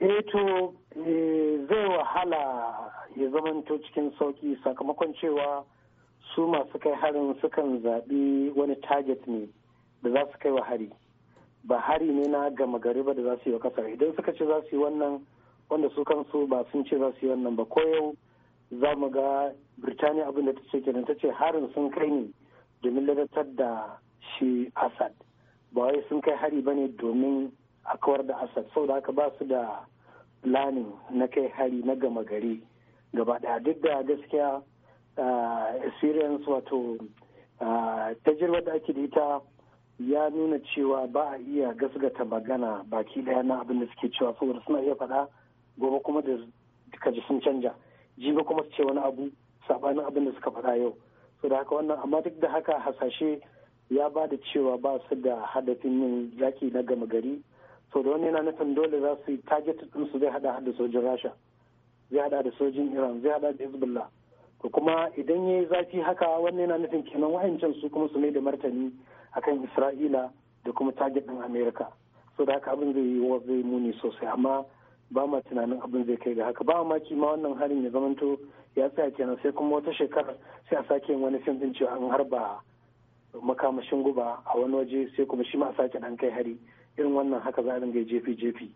eh to eh, zai wahala ya zamanto cikin sauki sakamakon cewa su masu kai harin sukan zaɓi wani target ne da za su kai wa hari ba hari ne na gama gari ba da za su yi wa kasar idan suka ce za su yi wannan wanda su kansu ba sun ce za su yi wannan ba ko yau za mu ga birtaniya abin da ta ce kenan ta ce harin sun kai ne domin ladatar da shi asad ba wai sun kai hari ba ne domin a kawar da asad saboda haka ba su da planning na kai hari na gama gari gaba daya duk da gaskiya experience wato tajirwa da ake da ita ya nuna cewa ba a iya gasgata magana baki daya na abin da suke cewa saboda suna iya faɗa gobe kuma da kaji sun canja ba kuma su ce wani abu sabanin abin da suka faɗa yau so da haka wannan amma duk da haka hasashe ya ba da cewa ba su da hadafin yin yaki na gama gari sau da wani yana nufin dole za su yi target din su zai hada da sojin rasha zai hada da sojin iran zai hada da hezbollah to kuma idan ya yi zafi haka wannan yana nufin kenan wayancan su kuma su mai da martani akan isra'ila da kuma target din america so da haka abin zai yi zai muni sosai amma ba ma tunanin abin zai kai da haka ba ma ma wannan harin ya zamanto ya tsaya kenan sai kuma wata shekara sai a sake wani fim din cewa an harba makamashin guba a wani waje sai kuma shi ma a sake dan kai hari irin wannan haka za a dinga jefi jefi